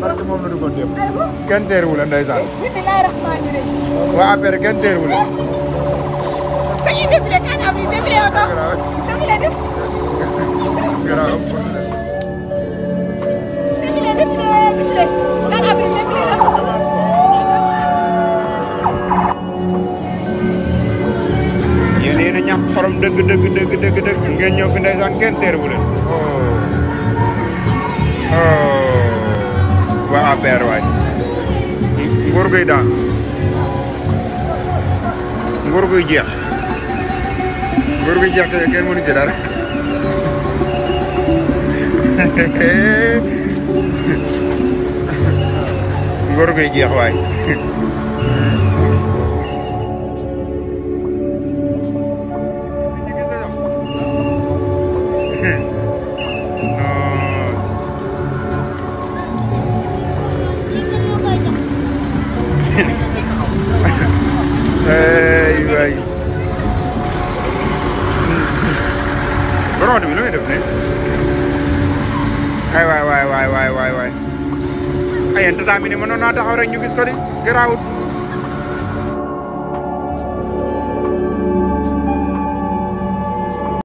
parce que moom la duggoon waa affaire kenn teeruwu la dañuy défilé kan avril défilé oto défilé def garaaw défilé défilé défilé kan avril défilé yéen yéen a ñàkk xorom dëgg dëgg dëgg waa APR waay nguur guy daan nguur guy jeex nguur guy jeex te kenn mënu ci dara nguur guy jeex waay ay waay rood bi lu muy def ne ay waay waay waay waay waay ay yéen tata mi ne mënoon naa taxaw rek ñu gis ko